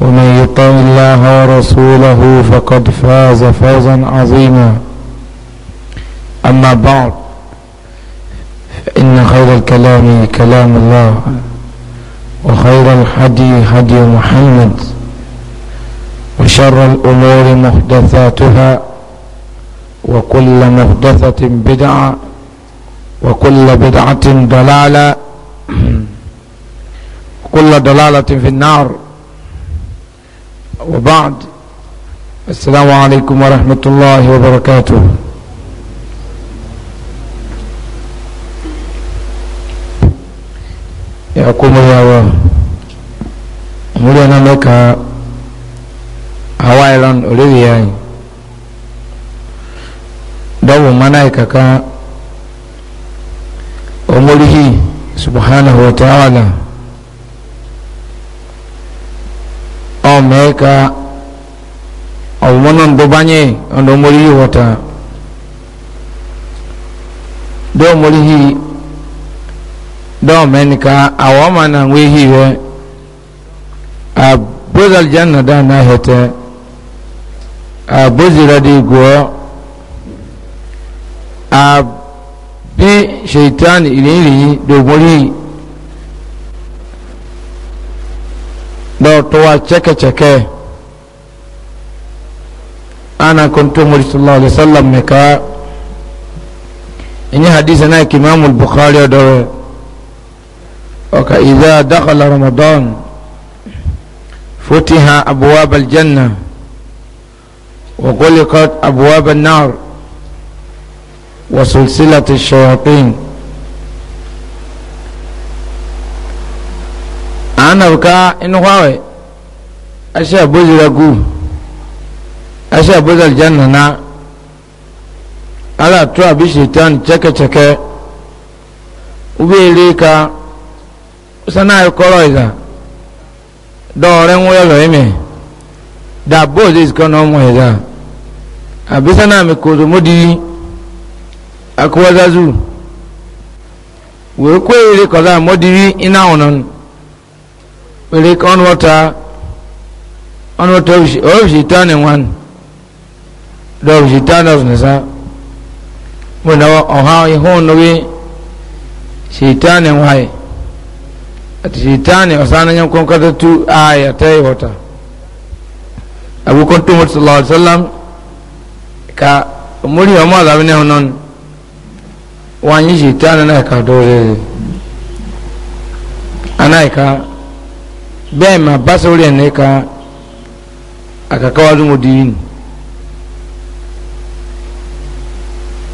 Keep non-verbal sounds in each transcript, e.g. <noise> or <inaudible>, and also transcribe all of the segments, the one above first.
ومن يطع الله ورسوله فقد فاز فوزا عظيما أما بعد فإن خير الكلام كلام الله وخير الهدي هدي محمد وشر الأمور محدثاتها وكل محدثة بدعة وكل بدعة ضلالة <clears throat> وكل ضلالة في النار وبعد السلام عليكم ورحمة الله وبركاته يا قوم يا قوم مولانا ميكا هوايلان اوليفياي دو منايكا كا ومولي سبحانه وتعالى ọmọ ẹka ọmọ náà ndọbanye ọdọ mọrí yìí wọta dọọ mọrí do dọọ mẹnika àwọn ọmọ náà ń wé yìí wẹ abozal janna dáa náà hẹtẹ abozira di gùọ abi shaitan ìrìnrìn dọọ mọrí yìí. towa cheke cheke ana kuntu muri sallallahu alaihi wasallam ne ka ini hadisi na imam al-bukhari da oka idza dakhala ramadan futiha abwab al-janna wa ghulqat abwab nar wa sulsilat shayatin anabka inu wawe ashe abuziragu ashe abuzi janna na ala tuwa abi shaitan cheke cheke ubele ka sana koro iza dore nwe lo ime da abuzi is kono mo iza abisana mi kozo modi akwazazu we kwere koza modiri ina onon rake on water uh, on water of she turn in one dog she turn off nisa when our on how he home away she turn in why at she turn in osana nyam kon kata tu aya tay water abu kuntu sallallahu alaihi wasallam ka muri o ma da ne honon wan yi shi tana na ka dole anai ka bẹ́ẹ̀ ma basori ẹni ka akakawa dun odi yin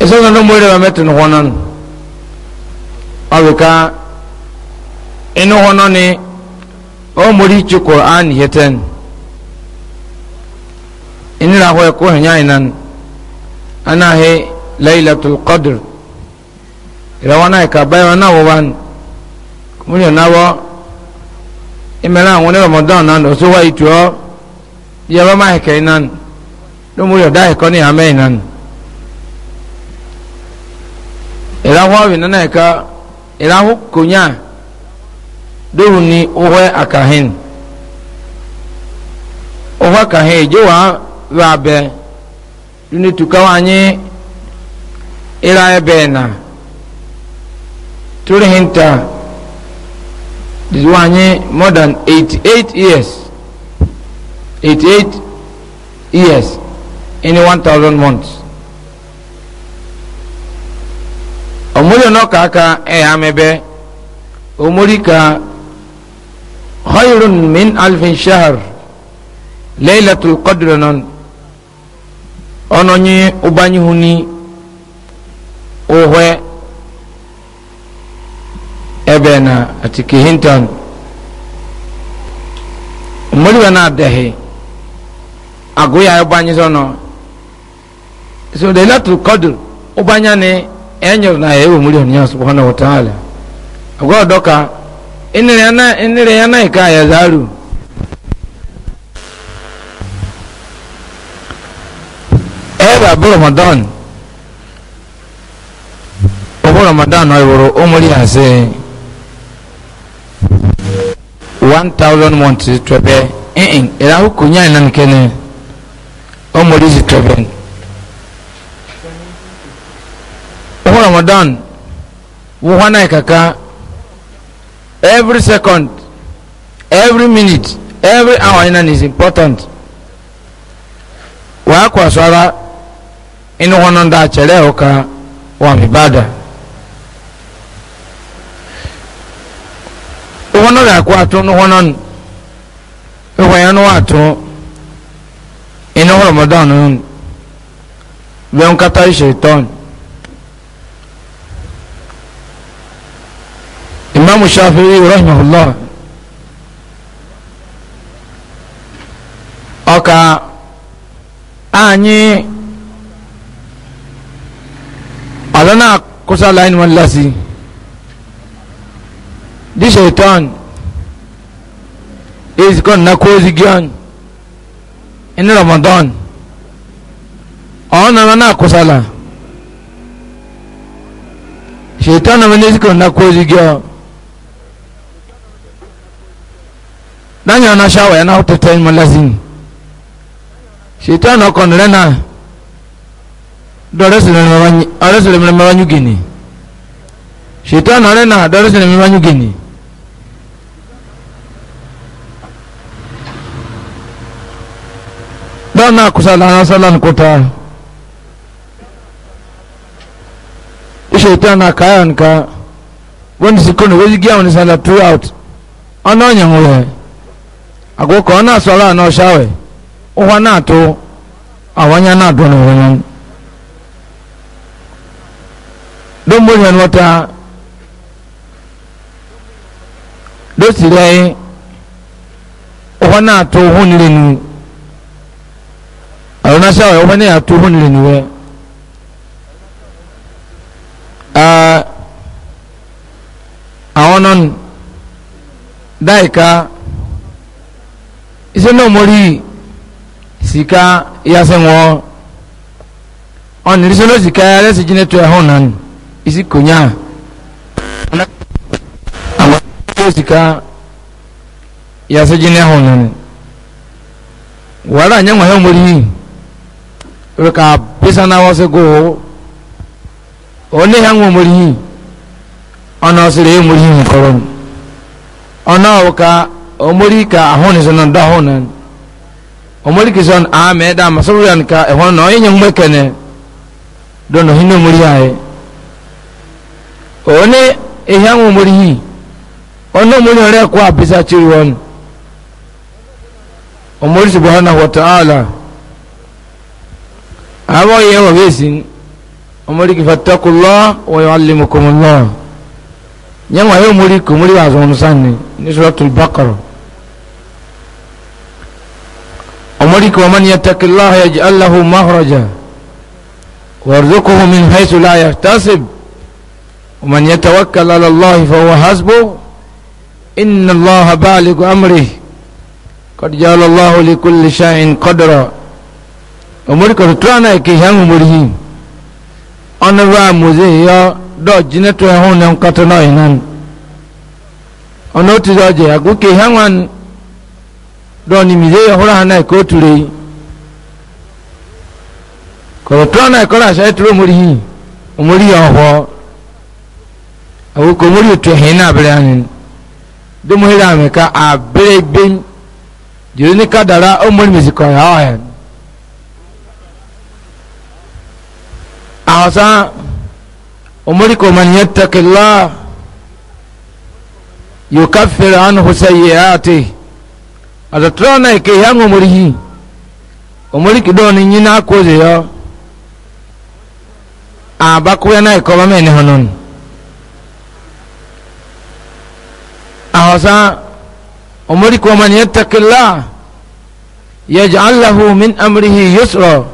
ẹsẹ náà lọ́mọ ẹ̀rọ mẹ́tò ní wọn nánu ọ̀rùka inú wọn nánu ó mórí tsi koran yẹtẹn ìnira hó ẹkọ hẹnyà ìnan anahe laylatul qadr ìrẹwọn náà ẹka báyọ̀ náà wọ́n wá múlíọ̀ náà wọ́n imela àwọn ní ramadan náà lọ sí wáyé tó ọ yẹ bá má ẹkẹ náà ló mú yọdá ẹkọ ní amẹ náà ìlàwọ àwìn nínú ẹka ìlàwọ kònyà dóhùn ní ọwọ àkàhìn ọwọ àkàhìn ìjẹ wàá rà bẹ lónìí tùkàwọ anyi ìlà ẹbẹ náà torí hìntà this one yẹn more than eighty eight years eighty eight years in one thousand months. omuli ono kaka eyamebe eh, omuli ka khayrun min alfin shahr laylatul qadr non ono nyi ubanyihuni ohwe bena ati kihintan umuri bena adehe agoya abanyi sono so de latu kodu ubanya ni enyo na ewu muri onya subhanahu wa ta'ala agwa doka inire yana inire yana ka ya zaru eba bu ramadan obu ramadan oyo wuru umuri ase 1000 months twebe eh eh era ho kunya nan kene o mori zi twebe o ramadan wo hana kaka every second every minute every hour nan is important wa kwa swara inu hono nda chere oka wa mibada ɛhɔ no yɛ akɔ ato no hɔ no no ɛhɔ yɛ no ato ɛna hɔ ramadan no no bɛn kata hyɛ tɔn imam shafi'i rahimahullah ɔka anyi ɔlɔna kusa lain man lasi. This shaitan is going to cause again in Ramadan. Ọ̀nà wọn náà kó sálà. Shaitan wọn ní sikọ̀ náà kó zigi. Dányà ọ̀nà ṣáwà yẹn náà tẹ̀tẹ̀ ẹ̀yìn mọ́lẹ́sìn. Shaitan ọkàn rẹ̀ náà dọ̀rẹ́ sílẹ̀ mẹ́wàá nyúgìnì. Shaitan ọ̀rẹ́ náà dọ̀rẹ́ sílẹ̀ mẹ́wàá nyúgìnì. dan nakusala anasala nkuta ishetan akaya nka wani sikoni wezigi awon isala throughout out ọnyanwere agwọkọ ọ na-asọrọ anọ shawe ụwa na-atụ awanya na adọ na onwe dombori yan wata dosiri ụwa na-atụ hụ nire nri aruna sɛ ɔyɛ wɔn ne ato ho nire niwɛ ɛɛ daika isɛ na ɔmɔri sika yasɛ ŋɔ ɔniri sɛ no sika yɛ alɛ si gyina to ɛho nan isi konya àwọn sika yasɛ gyina ɛho nan wàhálà nyɛ ŋɔ yɛ ɔmɔri yìí be ka bisana wasi go oni ha nwa murihi ona osiri e murihi nkoron ona oka omori ka ahoni sono ndo ahonan omori ki son a me da masuru yan ka ehon no yin ngwe kene dono hinu muri aye oni e ha nwa murihi ona omori ore kwa bisa chiri won omori subhanahu wata ta'ala àbọ̀ yẹn wọ̀ bẹ́ẹ̀ sí ọmọdé kìfà tẹ́kùlọ́ wọ́n yọ alẹ́ mọ̀kọ́mọ́lọ́ yẹn wọ̀ ayé mórí kò mórí wà zọ́n sani ní sọ́tù bákọ̀rọ̀ ọmọdé kò wọ́n yẹ tẹ́kùlọ́ yẹ jẹ́ aláhu mahraja wàrúdókòwò mi haisu láyà tásib ومن يتوكل على الله فهو حسبه إن الله بالغ أمره قد جعل الله لكل شيء قدرًا omori kɔtɔ tora na eke hɛn omori hi ɔne ba moze yɔ dɔ gyina to ɛho ne nkɔtɔ na ɔyɛ nan ɔne oti dɔ gye ago ke hɛn wan dɔ ne mize yɛ ha na eke oture yi kɔtɔ tora na ekɔrɔ ahyɛ ɛtoro omori hi omori yɛ ɔhɔ awo omori otu ɛhin na abere ani domo hɛrɛ ameka abere gbem jere ne kadara omori mezi kɔrɔ ha ɔyɛ no. awasa umuriko man yattaqillah yukaffiru anhu sayyi'ati atatrona ke yango murihi umuriki doni nyina koze yo abakuya na ikoma mene honon awasa umuriko man yattaqillah yaj'al lahu min amrihi yusra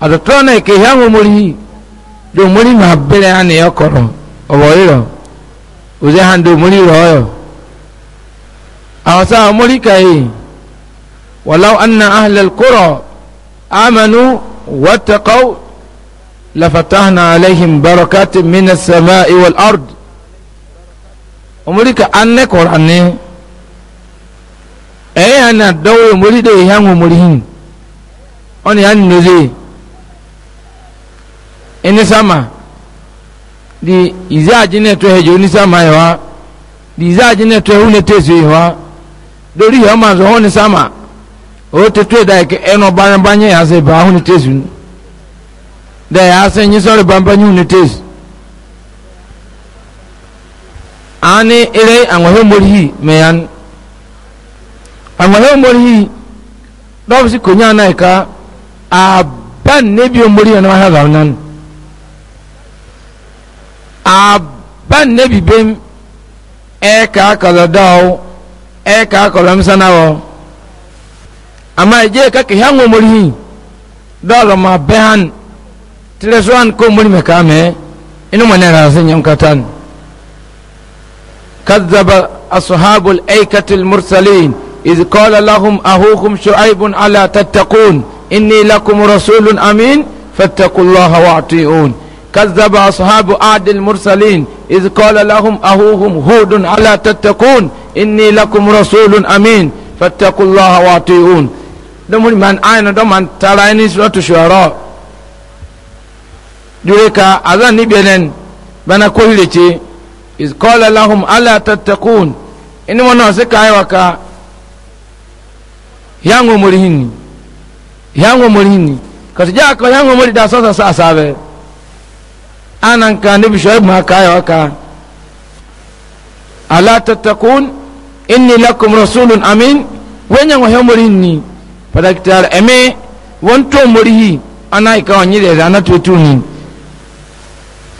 atɔtɔ na eke hia ŋomori do mori ma bere ani ɔkɔrɔ ɔbɔ yirɔ oze han do mori rɔ yɔ awɔsa mori kaye walaw anna ahlal korɔ amanu watakaw lafatahna alayhim barakati mina sama iwal ard omori ka anne kɔrɔ anne ɛyɛ hana dɔwɔ mori de hia ŋomori hin ɔni hali noze enisama di izaaji ne to hejo onisama yi wa di izaaji ne to ehune tesu yi wa lórí yìí ọmọ àzọ ọhún ni sama ó ti tó ìdá ìkẹ ẹnu ọbanibanye yà sẹ ìbá ọhún ni tesu dẹ yà sẹ ẹyin sọrọ ìbánibanye ọhún ni tesu ani ere anwahe morihi meyan anwahe morihi dɔbisi konya anayi ka aban ne bi omori yɛ na wa ha zaunan aban ne bibem ɛka akɔlɔ dɔw ɛka akɔlɔ msana wɔ ama ɛgye kake hɛ ŋomori hi dɔɔlɔ ma bɛhan tire so an ko mori mɛ kaa mɛ inu mɔ ne yɛrɛ ase nyɛ nkatan kadzaba ashabu al mursalin إذ قال لهم أخوكم شعيب ألا تتقون إني لكم رسول أمين فاتقوا الله وأطيعون كذب أصحاب عاد المرسلين إذ قال لهم أهوهم هود ألا تتقون إني لكم رسول أمين فاتقوا الله وأطيعون دمون من أين دمون ترى سورة شعراء دوريكا أذان نبيلن بنا كلتي إذ قال لهم ألا تتقون إنما من أيوكا yango morihini yango morihini kasi jaka yango mori da sasa sasa sabe ana nka ne bisho ibn akaya waka ala tattakun inni lakum rasulun amin wenya wa hemori ni padakitar eme won to morihi ana ika wanyi da ana tutu ni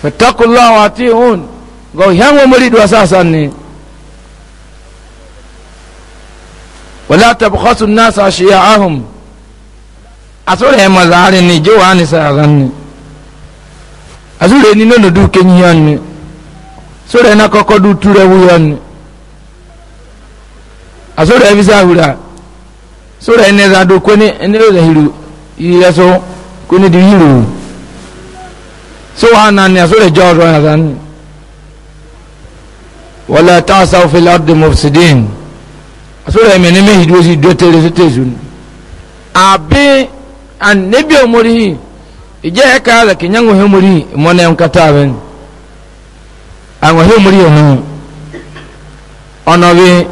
fattakullah wa atiun go hemo mori do sasa ne wala tabkhasu an-nas ashiya'ahum asore mazari ni jawani sa zanni azure ni nono du kenyi yanni sore na koko du ture wu yanni azore visa hura sore ne za do kweni ne za hiru iya so kweni di hiru so ana ni azore joro na zan wala ta'saw fil ardi mufsidin azore me ne me hidu si do tere so tezun abi an nebi omori ije ya ka ala kinya ngohe muri mona yon kata ben angohe muri ono ono bi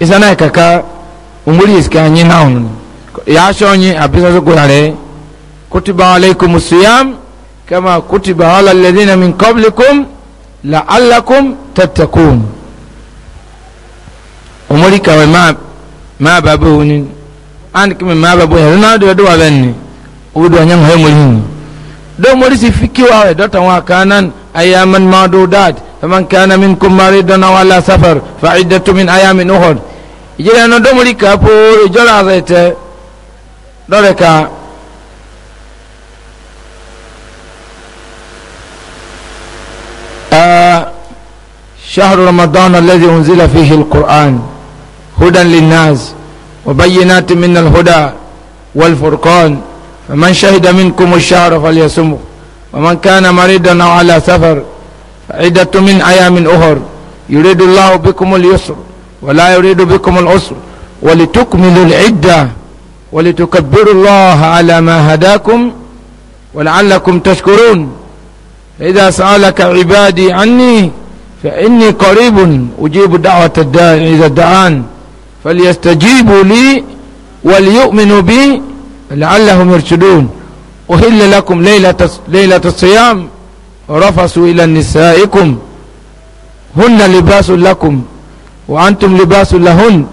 isana kaka umuri iska anyi na ono ya shonyi abisa so kurare kutiba alaikum siyam kama kutiba ala alladhina min qablikum la'allakum tattaqun umuri ka ma ma babu ni an kuma ma babu ya na do do wa benni obudu anyang hoy mulhin do mori si fiki wa we dota wa kanan ayaman madudat faman kana minkum maridun aw ala safar fa iddatu min ayamin ukhra ijira no do mori ka po ijora zete dore ka شهر رمضان الذي أنزل فيه القرآن هدى للناس وبينات من الهدى والفرقان فمن شهد منكم الشهر فليصمه ومن كان مريضا او على سفر عدة من أيام أخر يريد الله بكم اليسر ولا يريد بكم العسر ولتكملوا العدة ولتكبروا الله على ما هداكم ولعلكم تشكرون فإذا سألك عبادي عني فإني قريب أجيب دعوة الداعي إذا دعان فليستجيبوا لي وليؤمنوا بي لعلهم يرشدون أهل لكم ليلة, ليلة الصيام رفسوا إلى نسائكم هن لباس لكم وأنتم لباس لهن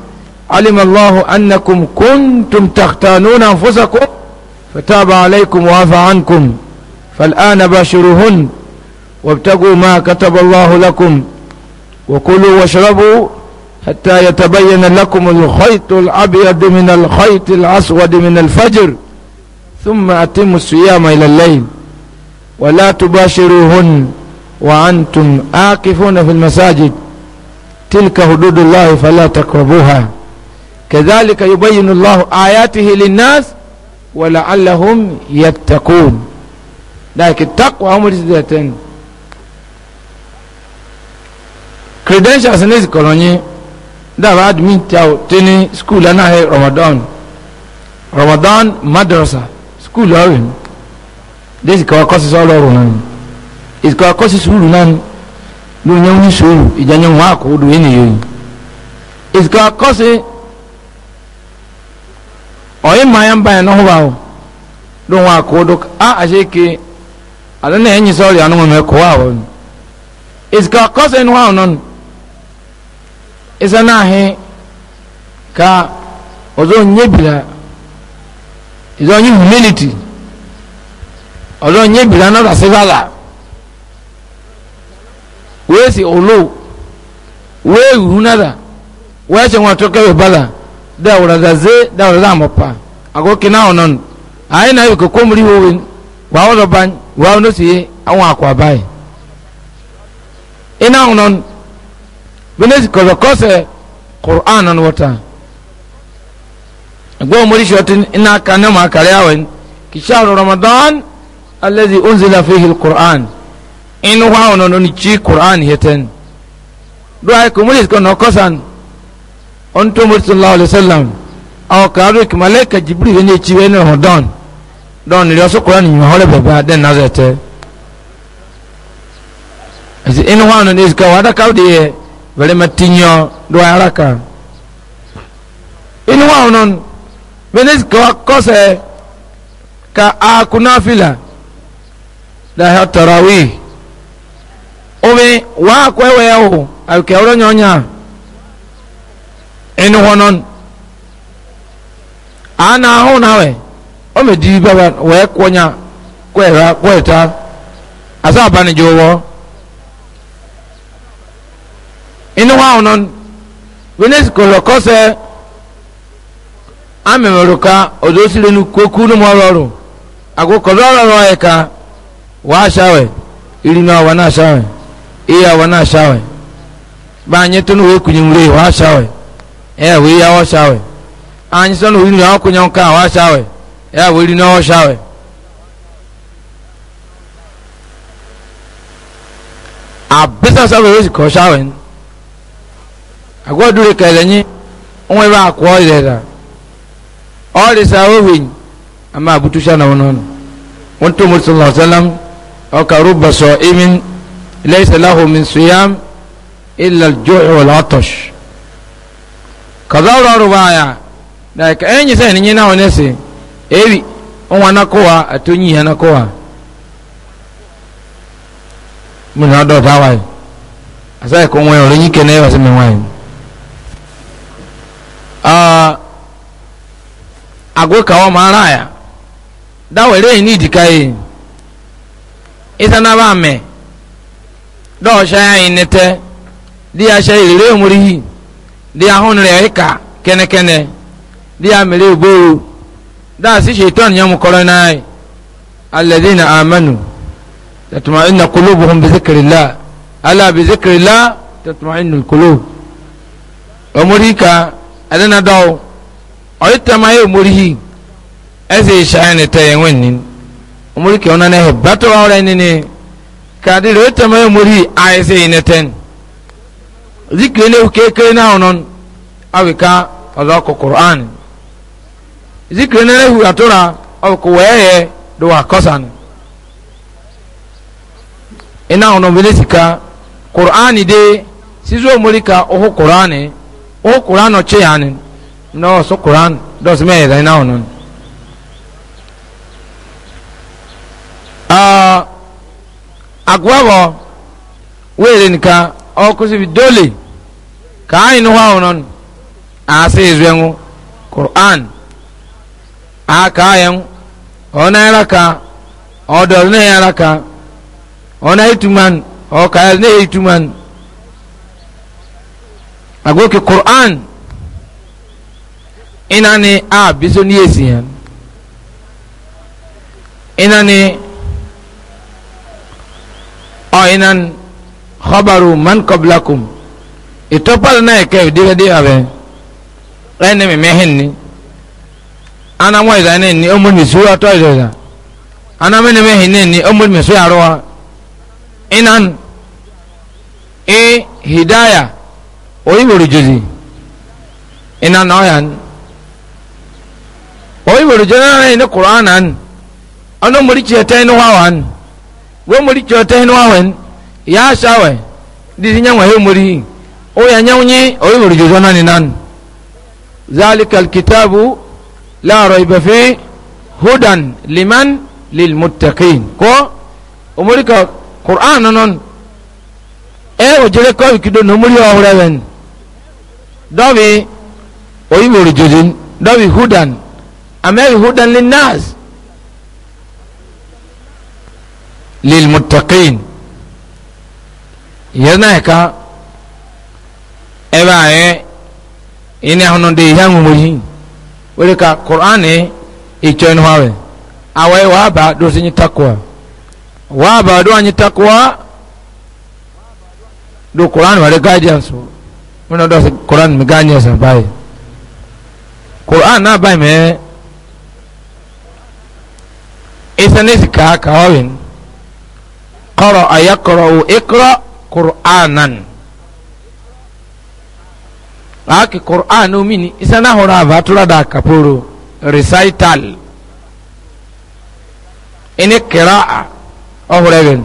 علم الله أنكم كنتم تختانون أنفسكم فتاب عليكم وعفى عنكم فالآن باشروهن وابتغوا ما كتب الله لكم وكلوا واشربوا حتى يتبين لكم الخيط الأبيض من الخيط الأسود من الفجر ثم أتم الصيام إلى الليل ولا تباشروهن وأنتم آقفون في المساجد تلك حدود الله فلا تقربوها كذلك يبين الله آياته للناس ولعلهم يتقون لكن التقوى هم الزيتين credentials ní daba admin tiaw tini school ana he ramadan ramadan madrasa school orin desi kawa kɔsi sɔlɔ ɔrùn nani esi kawa kɔsi sùúrù nani ló ń yẹ wọn sùúrù ìjà ń yẹ wọn àkó do yẹn nìyẹn esi kawa kɔsi ɔyẹ mayan bayan náà wà o ló ń wọn àkó do a àṣẹ ke àdánù ẹ̀yìn sɔrɔ yà ánú wọn mẹ kó wà wọn esi kawa kɔsi ẹni wà wọn nani. ịsa na ahịa ka ọzọ nyebira ịzọ onye humility ọzọ nyebira anọda sivada wee si olo wee ihu nada wee si nwa tụrụka bala da ọrada ze da ọrada amọpa agoke na ọnọ anyị na ewekọ komri howe wa ọrọba wa ọnọ si awon akwa bai ị na ọnọ bene kɔsɔ kɔsɛ kur'an na wata gbɔn mori shɔti ina ka ne ma kare awɛ kisharu ramadan alladhi unzila fihi alquran in wa ono no ni chi quran heten do ay ko mori ko no kosan on to mori sallallahu alaihi wasallam aw ka ru ki malaika jibril ne chi we no don don ri oso quran ni hore baba den nazete is in wada ka velema tinyo do haraka inu wa onon menes kose ka akuna fila da ha tarawih omi wa kwewe o abuke oro nyonya inu honon ana ho nawe o me di baba we kwonya kwera kweta asa abani jowo inu ha ono wenes kolo kose amemero ka odo sire nu koku nu mo roru ago ko roru e ka wa shawe iri na wa na shawe iya wa na shawe ba nye tunu we kunyin re wa shawe e we ya wa shawe anyi so nu iri na kunyin ka wa shawe e we iri na wa shawe abisa sabe we ko shawe ni agwadure kɛlɛnyi ŋun bɛ a kɔɔ yɛrɛ la ɔɔri saa o wɛnyi an b'a butu sa na o nɔnɔ ŋun tó sallallahu alaihi wa sallam ɔkaru basɔ imin lɛyisa lahu min suyam illa juuci wala atosh kazawra rubaaya like ɛn yi sɛ ni nyina o nɛsi ebi ŋun wa na Kwa a to nyi ya na kowa mun na dɔ ta wa ye a sɛ ko ŋun ya o lɛ nyi kɛnɛ ya wa Ah, agwekawa mara ya dawere ni dikaye isana ba me do shaya inete di asha ire murihi di ahun re ka kene kene di amere bo da si shaitan ya mukoro nai alladhina amanu tatma'inna qulubuhum bi dhikrillah ala bi dhikrillah tatma'innu alqulub amurika ɛde na dɔw ɔyɛ tam ayɛ omori hi ɛsɛ ehyia ne tɛ yɛn wɛn omori kɛ ɔnan ɛhɛ bɛtɔ ɔrɛ nini kadi ɔyɛ tam ayɛ omori hi ayɛ sɛ yɛn tɛn zikiri ne kekere na ɔnon awika ɔdɔ kɔ koran zikiri ne ehu atora ɔkɔ wɛɛyɛ do wa kɔsan ina ɔnɔ bi sika koran de sizo omori ka ɔhɔ koran e, o kwuru a nọchi ya ni n'ọsọ kwuru a nọọsọ mere na-anọ n'ọnụnụ agwagwo wee zere ka ọ kwụsịp dole ka anyị yi nnukwu ahụ nọ a asị ezu enwụ kwuru a ka aghị enwụ ọ na-eyara ka ọdọọzụ na-eyara ka ọ na-etụmanụ ọ ka ha n'etụmanụ agoke Qur'an ina ni a biso ni yesi yan ina ni o inan khabaru man qablakum itopal na ke diga diga be rene me mehin ni ana mo ida ni o mo ni suwa to ida ana me ne mehin ni o mo me suwa ro inan e hidayah oyiwere jozi ina na oyan oyiwere jozi na ina qur'anan ono muri chete ina wawan wo muri chete ina wawen ya shawe disi nyangwa he muri o ya nyawnyi oyiwere jozi na ni nan zalikal kitabu la raiba fi hudan liman lilmuttaqin ko omuri ka qur'an non e o jere ko ikido no muri o rewen dɔbi oyi mori jojin dɔbi hudan amɛbi hudan lil nas lil mutaqin yɛrina yi ka ɛbɛ ayɛ yini ahono de ihe ahụ mori were ka koran ịchọ ịnụ ha wee awa ịwa aba dosi nye takwa wa aba do anyị takwa do koran were guidance mi náà dọ̀sí koran mi gáà ní ẹ̀sìn báyìí koran náà báyìí mẹ́ẹ́ isanisi kaa kaawin koro ayakorou ikro kur'aanan laaki kur'aan umini isana horaaba tulada kapuru recital ini kiraa ohureben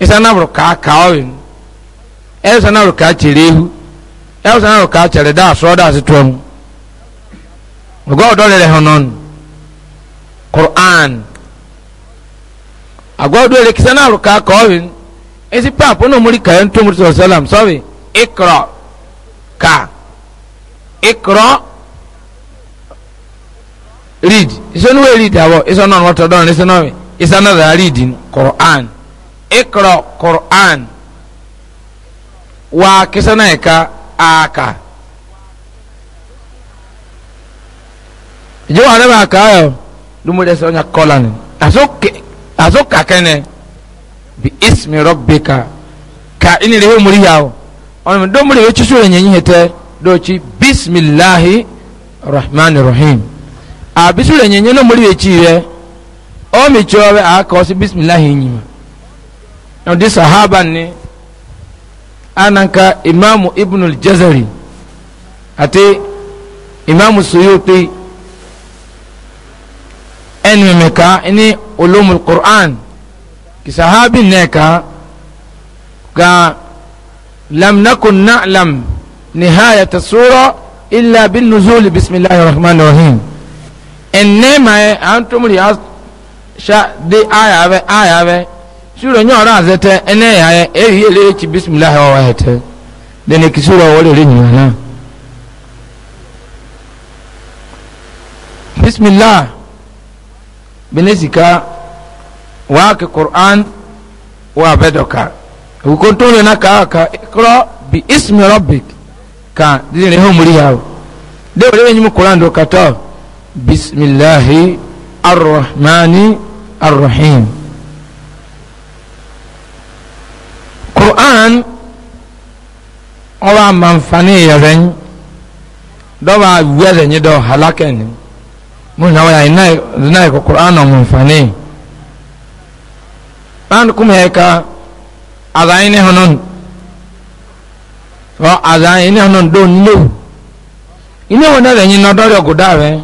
isanabru kaa kaawin esanabru kaa cireehu ɛwɔ sɛ ɛwɔ ka kyerɛ da asɔrɔ da ase toɔ mu ɔgɔ ɔdɔ lɛ hɔ nɔn koran agɔ ɔdɔ lɛ kisɛ naa ka kɔɔhin esi paapu na omori kaya ntomori sɔrɔ sɛlɛm sɔbi ikorɔ ka ikorɔ read isɔnu wo read awɔ isɔnu ɔnu ɔtɔ dɔn isɔnu ɔmi isɔnu ɔdɔ reading koran ikorɔ koran waa kisɛ naa ka aka ìjọba àrẹ bá aka ayọ lumode sọ ọnyà kọla ni aso kakẹnẹ bi ismi rọbika ka ẹni rẹ yóò múri yà o ọ̀nà mi dọ́múri yóò tún ẹ̀yẹ̀ yín hẹtẹ dọ́ọ̀tí bisimilahi rahman rahim àbísúrò ẹ̀yẹ̀ yín lọ́múri yóò tún yẹ o mi tí ọ bẹ àkọ́ sí bisimilahi yìí ma ọ̀dí sahaba ni ananka imamu ibn jazari àti imamu suyuti ẹni mímika ní ulumul qur'an kisahabi nẹka ga lam nakun na'lam nihayata sura illa bin nuzuli bisimilahi rahman rahim ẹnẹ maa ẹ à ń tó mu di aya bẹ aya bẹ suro nyɛ ɔrɔ azɛtɛ ɛnɛ yɛ ayɛ ɛyɛ yɛlɛ ekyi bisimilahi ɔwɔ ɛtɛ dɛnɛ kisuro ɔwɔ lɛ nyina na bisimilah bene sika waa ke kur'an waa bɛ dɔ ka hukuntun lɛ na kaa ka ikurɔ bi ismi rɔbik ka dini ne homuri yaa dɛwɔ lɛ nyimi kur'an do ka bisimilahi arrahmani arrahim. qur'an ọba manfani yẹrẹn dọba wẹrẹnyi dọ halakẹni mun na waya ina ina ko qur'an na manfani an kuma ya ka azayin ne hanon ọ azayin ne hanon do nlo ina wọn na rẹnyi na dọrọ guda rẹ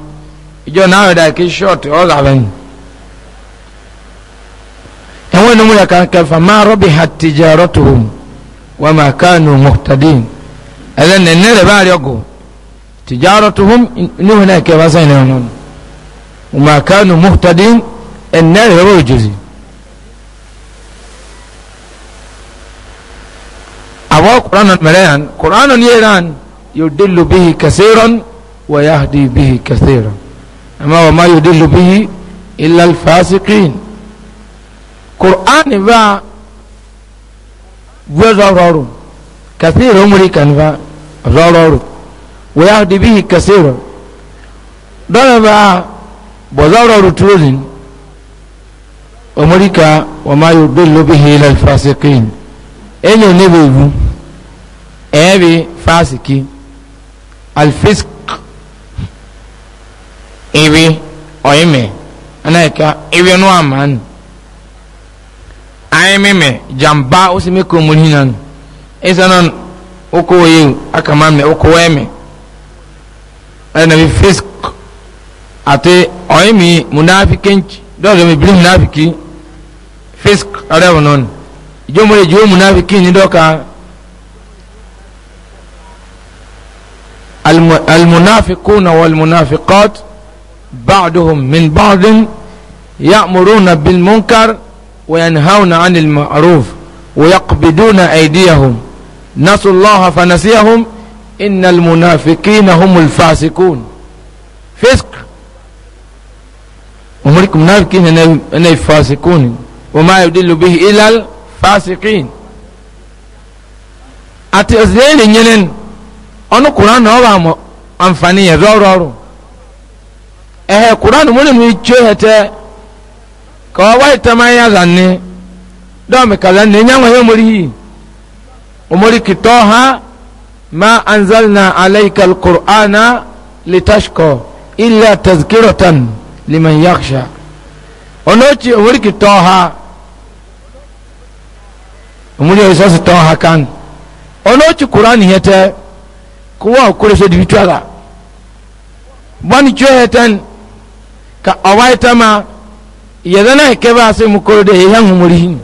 ijọ na rẹ da ki short ọ rà rẹnyi. ẹ̀wọ́n ni mo yà kàn kẹfà máa rọ́bì hàtìjà rọ́tùhùn wọ́n máa kánú mọ̀tàdín ẹ̀lẹ́nà ẹ̀nẹ́ rẹ̀ bá rí ọgọ̀ tìjà rọ́tùhùn níhùn náà kẹfà sẹ́yìn náà nù wọ́n máa kánú mọ̀tàdín ẹ̀nẹ́ rẹ̀ rọ̀ òjòzì. àwọ̀ kùránà mẹ̀rẹ̀ yàn kùránà ní iran yóò dé lu bíi kẹsìrán wọ́n yà á di bíi kẹsìrán àmọ́ wọ́n má yóò dé lu bíi ilal fasikin. qur'ani ba gwezo roro kathiro muri kanva roro wa yahdi bihi kathiro dole ba bozoro rutulin omurika wa ma yudillu bihi ila alfasiqin enyo nebebu ebi fasiki alfisk ibi oyime anaika ibi onu anyị mime jamba osi me ko mun hinan isa non uko ye aka ma me uko we me ay na bi fisk ate oyi mi munafikenci dole mi bi munafiki fisk arewa non jomore jo munafiki ni doka المنافقون والمنافقات بعضهم من بعض يأمرون بالمنكر وينهون عن المعروف ويقبضون أيديهم نسوا الله فنسيهم إن المنافقين هم الفاسقون فسق وملك منافقين أنا الفاسقون وما يدل به إلى الفاسقين àti ìsirẹ́lì nyinin ọ̀nù kuranu ọba àǹfààní yẹn zọ́ọ̀rọ̀ọ̀rọ̀ ẹ̀hẹ̀ kuranu múlẹ̀ mi tí ó ka wa itama ya zanne do mi kala ne nya wa yomuri umuri kitoha ma anzalna alayka alqur'ana litashqa illa tazkiratan liman yakhsha onochi umuri kitoha umuri isas toha kan onochi qur'an yete kuwa okure so dibitwala bani chweten ka awaitama yɛdɛ na ɛkɛ baa sɛ mu kɔrɔ dɛ yɛyɛ ahomori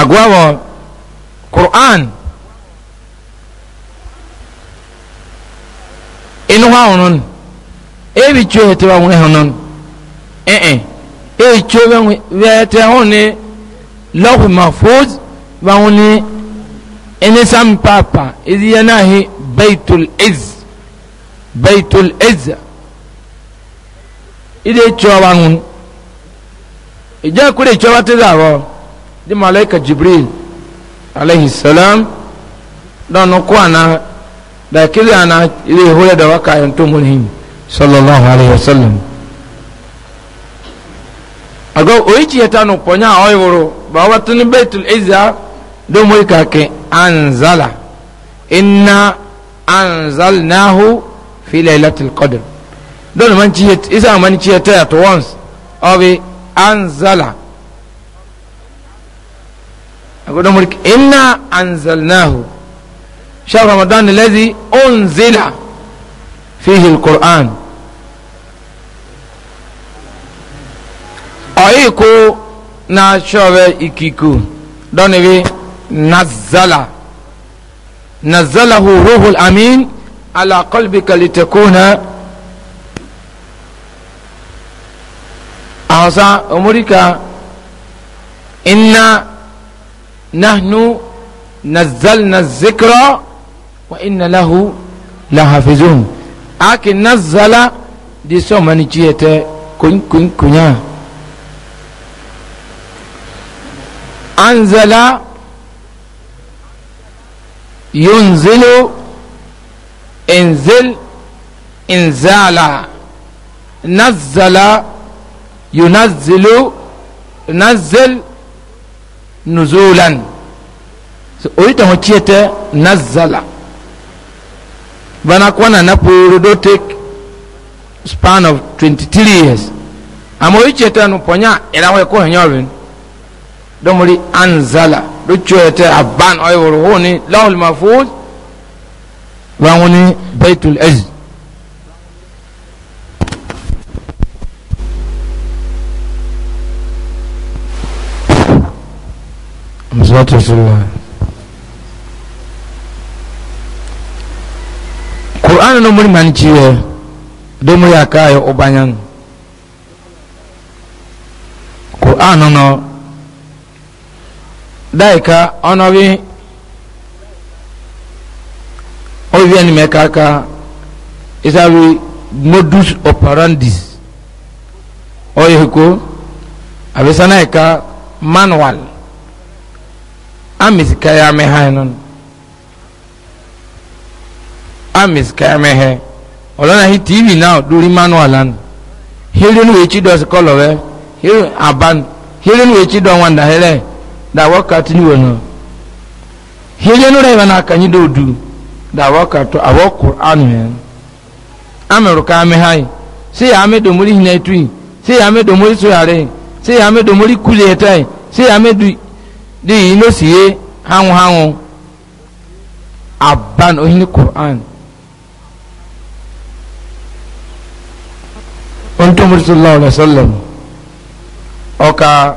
agoa wɔ quran ɛnu hɔ ahono no ebi tso yɛ tɛbɛ ahono ahono no ɛɛ ebi e. e tso bɛ tɛbɛ ahono ne lɔɔku mafoz bɛ ahono ne ɛne sam paapa edi yɛ naahi baitul iz baitul izza ile cewa hun ija kure cewa ta zawo di malaika jibril alaihi salam don ko ana da kiri ana ile hore da waka yanto mulhim sallallahu alaihi wasallam ago oyici ya tanu ponya a oiwuru ba wata ni baitul izza don mulka ke anzala inna anzalnahu fi laylatil qadr don man ci isa man ci ta at once abi anzala agodo mulk inna anzalnahu shahr ramadan alladhi unzila fihi alquran ayiko na shobe ikiku don bi nazala nazalahu ruhul amin على قلبك لتكون أعصى أمرك إنا نحن نزلنا الذكر وإن له لحافظون أكن نزل دي سوما جيته كن كن كنيا أنزل ينزل انزل انزالا نزل ينزل نزل نزولا oita hochiete nazala bana kwana na periodic span of 23 years ama oichiete no ponya era we ko henyorin domuri anzala do choete aban oy wor honi lawul mafuz láwọn ní baitul izz mùsùlùmí ṣùgbọ́n Qur'an no muri man ciwe do mu ya kai obanyan Qur'an no daika onobi ɛyɛ ni mɛ kaka isabi modus operandis ɔyɛ ko abisana yɛ e ka manual amis kaya mɛ ha yɛ nono amis kaya mɛ hɛ ɔlɔna hi tv na lórí manual lan hiri nu etsi dɔ sikɔlɔ bɛ hiri aban hiri nu etsi dɔ wanda hɛlɛ da wɔkati ni wɔnɔ hiri nu rɛ yɛ na kanyi do du da awɔ kato awɔ kur'an yɛn amɛrɛ kan mi ha yi se yà mi domori hinɛ tu yi se yà mi domori soyare yi se yà mi domori kule yɛ ta yi se yà mi du di yi no si ye hanu hanu aban ohini kur'an. ontomori sallallahu alaihi wa sallam ɔka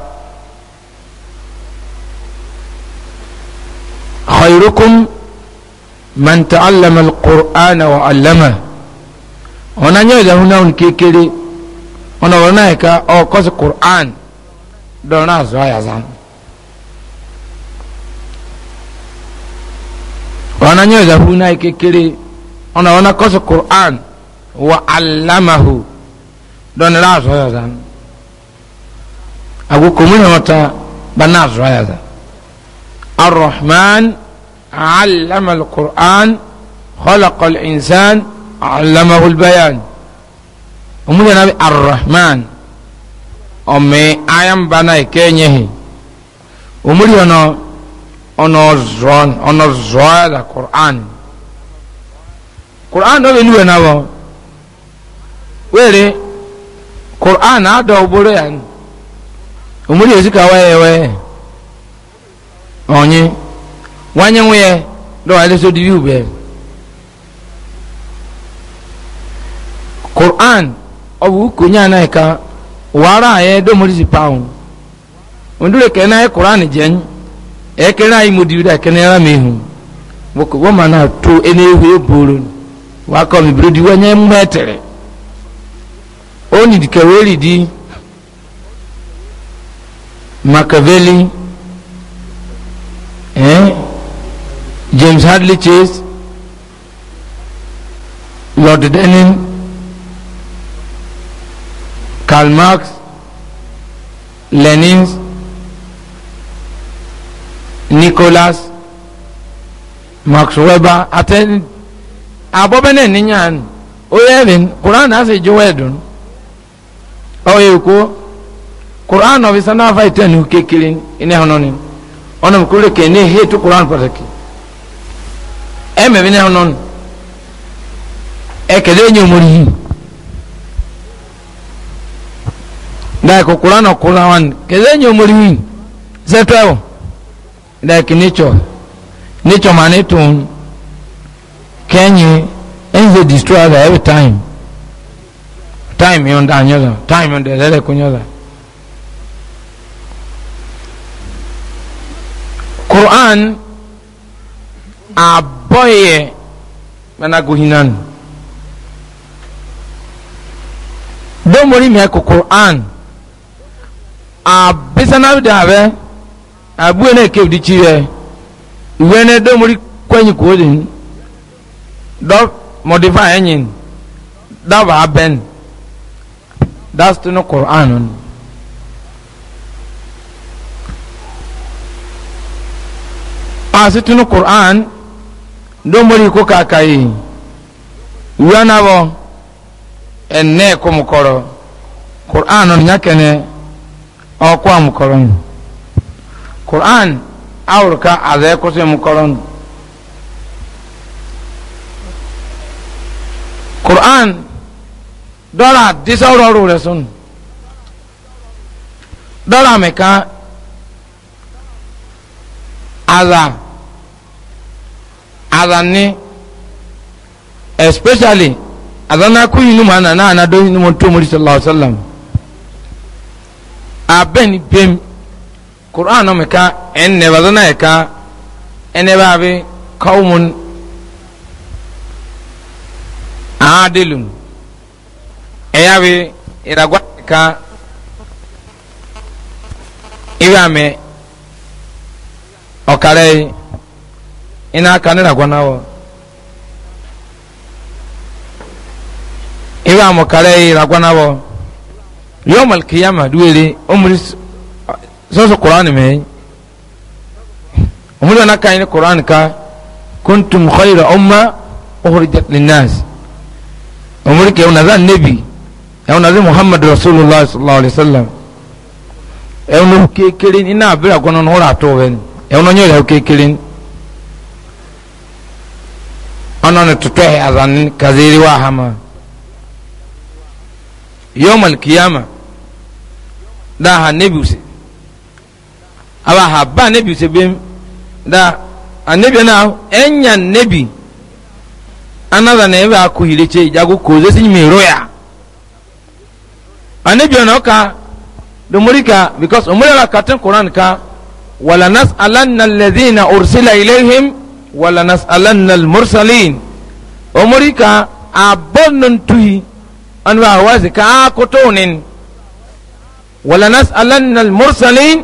khairukum man ta'allama alqur'ana wa 'allama ona nyo da huna un kekere ona wona ka o ko qur'an do na zo ya zan ona nyo da huna kekere ona wona ko qur'an wa 'allamahu do na zo ya zan agu ko mun wata ya zan ar-rahman علم القرآن خلق الإنسان علمه البيان ومن نبي الرحمن أمي أيام بناي كينيه ومن أنا أنا زوان أنا زوان القرآن القرآن ده بنوه نبى ويلي القرآن هذا هو بريان ومن يزكى ويه ويه أني wanye nwunye dọọ aleso dịrị ube Quran ọ bụ ukonye anaghị ka wara anyị domori si paun ondure ka anyị Quran jen ekele anyị mụ dịrị ekele ara m ihu nwoke wọma na-atụ enehu eboro wakọ m ibiri dịwa nye mgbe etere o nidike wee ridi makaveli eh? James Hadley Chase Lord Denning Karl Marx Lenin Nicholas Max Weber àtẹni abọ́bẹ́nẹ̀ níyàn ó yẹ ẹ̀rìn Quran náà sì jọwọ́ ẹ̀dùn ọ̀yẹ̀ èkó Quran ọ̀fi sanáfà ìtẹ̀nu kékeré ní ẹ̀hónú ni ọ̀nà kúrò kẹ́ ní èyí tó Quran pàtàkì ɛmɛ bi ne ho non ɛkɛdɛ enyo mori yi dai ko kura na kura wan kɛdɛ enyo mori yi zɛtɛ o dai ki nature nature ma ne tun kɛnyi ɛnze destroy her every time time yɔn da nyɛ la time yɔn da ɛlɛ ko nyɛ la. Quran ab boye mana gohinan don mori mi ko qur'an a bisana da be abu ne ke di chiye iwe ne don mori kwenyi ko din do modify enyin da ba ben that's to no qur'an a situnu qur'an domori ko kaka yi yɔnabɔ ɛnɛ kom kɔrɔ kur'an no nya kɛnɛ ɔkɔ am kɔrɔ no kur'an awur ka azɛ kɔsɛ mu kɔrɔ no kur'an dɔla disawurɔ azani especially azana ku yinu ma na na ana do yinu mo to mo sallallahu alaihi wasallam Abeni bem qur'an no meka enne bazana eka ene babe qaumun adilun eyabe iragwa ka ibe ame ọkara yi ina kanira gwanawo iba mu kare ragwanawo yawmal qiyamah duwere umri sosu qur'ani me umri na kai ni qur'an ka kuntum khayra umma ukhrijat linnas umri ke unazan nabi ya unazan muhammad rasulullah sallallahu alaihi wasallam ya unu kekere ina abira gwanon hora to ben ya unonyo ya kekere ono ne tutuhe azan kaziri wa hama yom al kiyama da ha nebi use aba ha ba nebi use bem da anebi na enya nebi another na ebe akụ hiriche jago koze si nyime roya anebi na ọka domorika because la katin koran ka wala nas alanna alladhina ursila ilaihim wala nas'alanna al-mursalin omurika abonnon tuhi anwa hawasi ka akotonin wala nas'alanna al-mursalin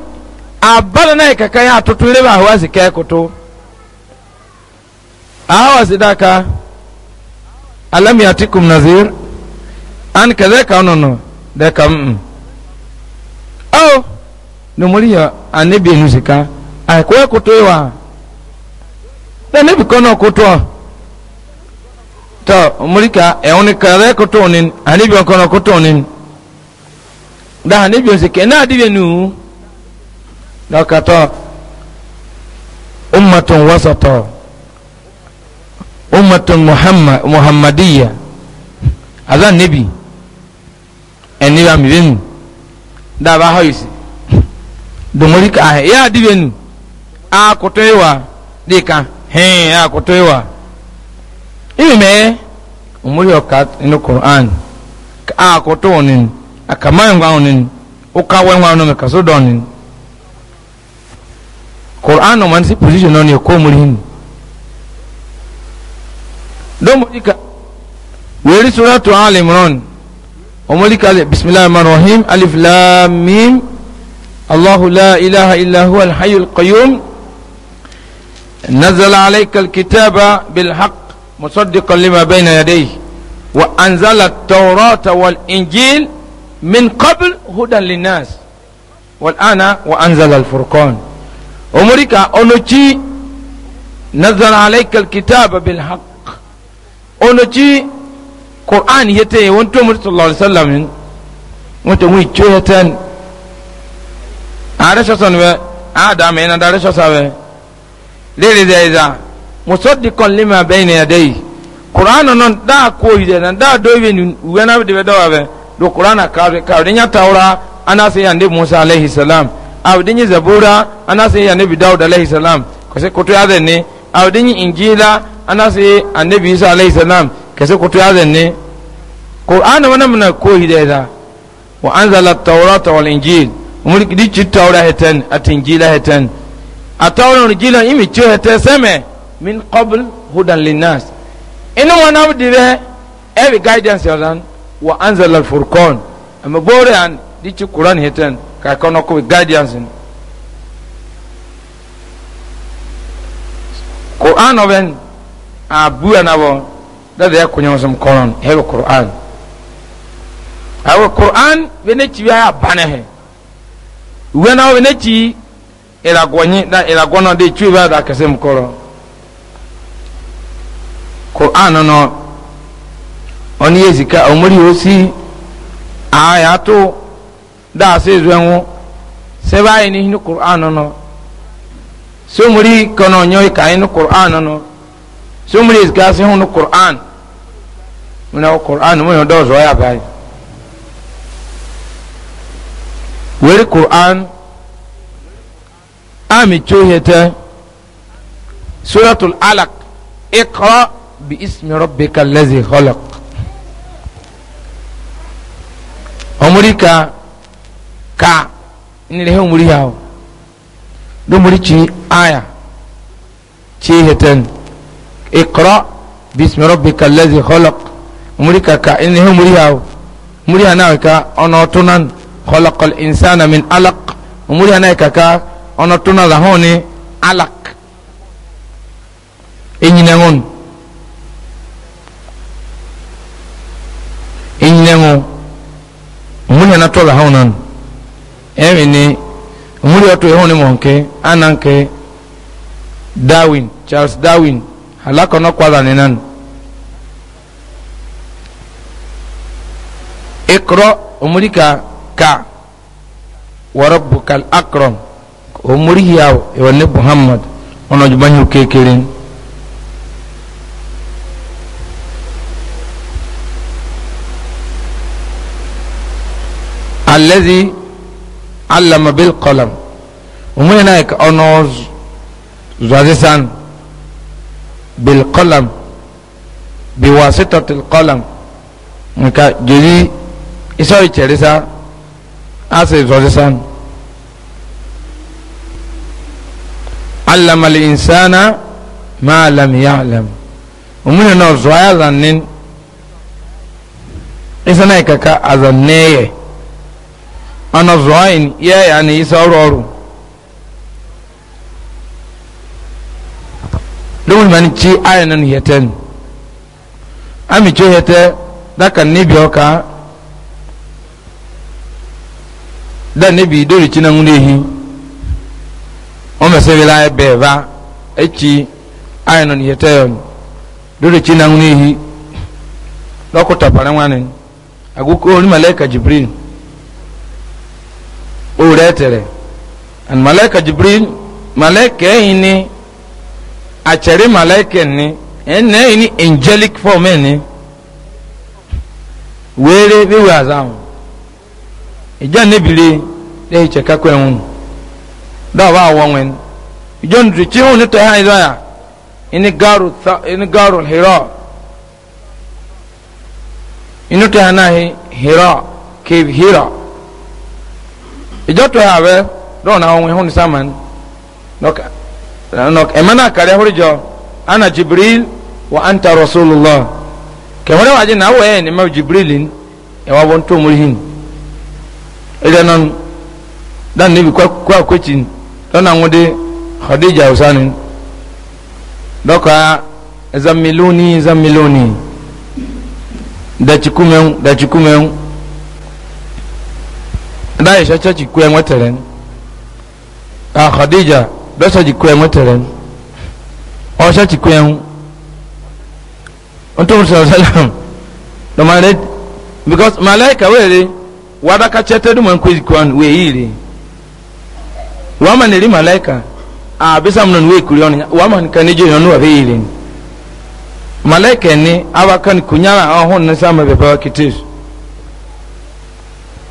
abalana ka kaya tutule ba hawasi ka koto hawasi daka alam yatikum nazir an kadhaka nono daka mm oh numuriya anibi nusika akweko towa dani bi kɔnɔ kotoɔ tɔ murika ɛwɔni kɛlɛ kotoɔ ni ani bi kɔnɔ kotoɔ ni da ani bi sike naa di bi nu dɔkatɔ ummatun wasatɔ ummatun muhammad muhammadiya azan nebi ɛni ba mi bi nu da ba hɔ yi si domori ka ahɛ yaa di bi nu a kotoɔ yi wa de kan. hin akutewa ah, ime umuri oka inu Qur'an akuto ah, onin akamai ah, ngwa onin ukawe ngwa onin kasudo onin Qur'an man si position onin ko muri hin do mulika weri suratu al imran umulika bismillahir rahmanir rahim alif lam mim la ilaha إله إلا هو الحي القيوم نزل عليك الكتاب بالحق مصدقا لما بين يديه وأنزل التوراة والإنجيل من قبل هدى للناس والآن وأنزل الفرقان أمريكا أنوتي نزل عليك الكتاب بالحق أنوتي قرآن يتي وانتم صلى الله عليه وسلم وانتم ويتشوهتان عرشة سنوة آدم هنا عرشة سنوة lere da iza musaddiqan lima bayna yadayhi qur'ana non da ko ide nan da do be ni wena de be dawa be do qur'ana ka ka de nya tawra ana sai yande musa alaihi salam abdin yi zabura ana sai yande bi daud alaihi salam ko sai ko to yaden injila ana sai annabi isa alaihi salam ko sai ko to yaden ne qur'ana wana mun ko ide da wa anzala at-taurata wal injil mulki di ci tawra hetan at injila hetan atawron rijilan imi tiyo hete seme min qabl hudan linnas inu wana dire evi guidance yadan wa anzal al furqan amma bore an dichi quran heten ka kono ko guidance quran oben abu anabo da da kunyo sum koron hebe quran awo quran bene chiya banahe wena wene chi ilagwanyi da ilagwana de twi ba da kase mkoro qur'an no oni yezika omuri osi aya to da se zwenwo se ba ni ni qur'an no so muri kono nyoy kai ni qur'an no so muri zika se hunu qur'an muna qur'an mun do zo ya bai wori qur'an ami chohete suratul alaq iqra bi ismi rabbika allazi khalaq omurika ka inire he omuri yawo do muri chi aya chiheten iqra bi ismi rabbika allazi khalaq omurika ka inire he omuri yawo omuri anawe ka ono tunan khalaqal insana min alaq omuri anawe ka ka ọ̀nà tó náà làhùn ní alak enyina hùn enyina hùn múlẹ̀ náà tó làhùn náà ẹ̀rì ni múlẹ̀ ọ̀tọ̀ ẹ̀hùn ní mọ̀nkẹ́ ànánkẹ́ darwin charles darwin alakọ̀nà kwara ní náà. ikro umurika ka wa rabbukal akram omuri hiyawo iwani muhammad ọ̀nà jubanyu kékeré alẹ́zi alamabil kọlam omuri náà ẹ̀ka ọ̀nà zuwazisan bil kọlam biwasitatil kọlam nka jeli isawo ìkyẹrisa ase zuwazisan. allama al-insana ma lam ya'lam umuna na zuwa zannin isa na kaka azanneye ana zuwa in iya ya ne isa roro dum man ci ayanan yeten ami ce yete daka ni bioka da ne bi dori cinan ne hi kasebela ebeva echi ayinon yeteyon dore chi nangu nihi lokuta pare ngwanin aguko oni malaika jibril uretere an malaika jibril malaika e ini achari malaika ni ene ini angelic form e ni were wiwe azahun ija e nebile ɗaya ce kakwa yawon da ba a wanwani john richi hun to e ha izaya ini garu ini garu hira inu to ha nahi hira cave e hira ijo to ha we do na hun e hun saman nok nok emana kare hori jo ana jibril wa anta rasulullah ke hore waje na we ni ma jibrilin e wa won to mulhin idanan dan ni kwa kwa kwechin dan an wode khadija usani doka zamiluni zamiluni dachikumeu dachikumeu da isha chachi kwe mweteren a ah, khadija dosa jikwe mweteren osha chikwe mu untu musa salam no malet because malaika wele wadaka chete du mwen kwizi kwan we ile wama nili malaika abisam nan wey kuriyon waman man kan je yon wa beyin malaika ni awakan kunyara ahon na sama be ba kitis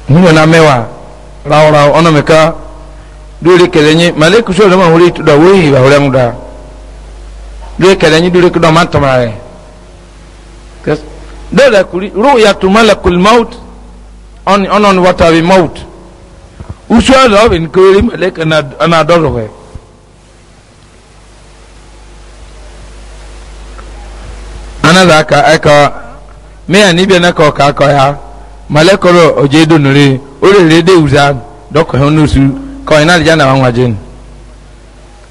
mun na mewa raw raw ono meka dole kelenye malaiku so ma hori to da wey ba hore mu da dole kelenye dole ko ma to mare kas dole kuri ru'yatu malakul maut on on on wata bi maut usu ala bin kuri malaika na na doro ana za ka eko me ya nibia na ka ka ko ya malekoro oje do nure ore re de uza do ko hono su ina ja na wanwa jin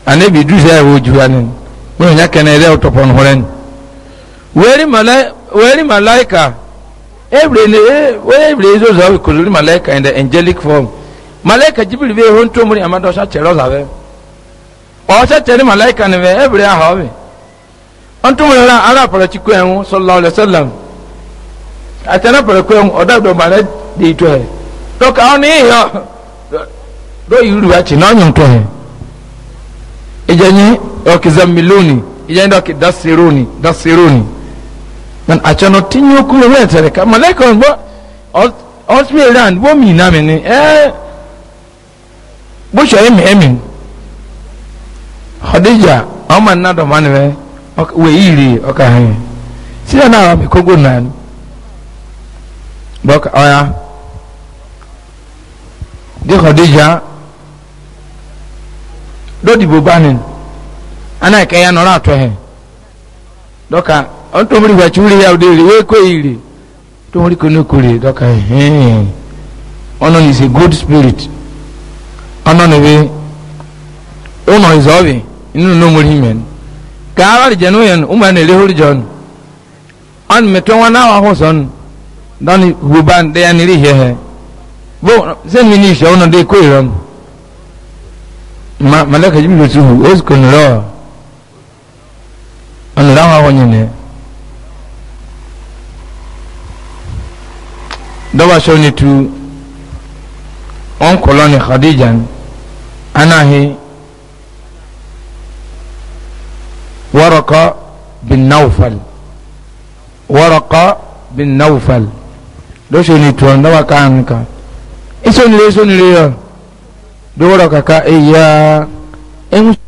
ane bi du se wo ju ani mo nya kene re to pon horen weri malai weri malaika every ne every zo zo ko malaika in the angelic form malaika jibril be hon to muri amado sa chero za be o malaika ne be every ha be ọ̀ntún wọn rán ará àpàràtì kú ẹ̀hún sọlá ọ̀lẹ̀ sẹ́lẹ̀m àtẹnà àpàrà kú ẹ̀hún ọ̀dọ́ àgbẹ̀mọ̀ rẹ̀ dé ìtọ́ ẹ̀ dọ́kà ọ̀ ní ìyọ̀ lóyún rú àti náà yàn tó ẹ̀ ìjẹ̀yìn ọ̀kìzàmì lónìí ìjẹ̀yìn dọ́kì dásirónì dásirónì man àtsọ̀nà tí yín okú rẹ̀ tẹ̀lé ká mọ̀lẹ́kọ̀ gbọ́ ọ̀sùn ìran wọ́n Wee iri ọka ha si ya na mekogo na bọka ọya dịka ọdịja dodibo banin ana eke ya nọrọ atọ ha dọka ọtọmiri gbachi uri ya ụdịrị wee kwe iri ọtọmiri kono kuri dọka ọnọ is a good spirit ọnọ na ebe ụnọ is ọbị inu n'omori kaara alijanu yɛn umar na elehori jɔn ɔn mɛtɔn wɔn awa ho sɔn dɔn huban de yan iri hɛhɛ bo sɛn mi ni sɛ ɔn de ko irɔn ma malaka jibiru suhu osu ko nirɔ ɔn nirɔ awa ho nyinɛ dɔba sɔ ni tu ɔn kɔlɔn ni anahi. Waraqa bin Nawfal Waraqa bin Nawfal do shoni tuwan da waka hanka iso nile iso nile yo do Waraqa ka iya e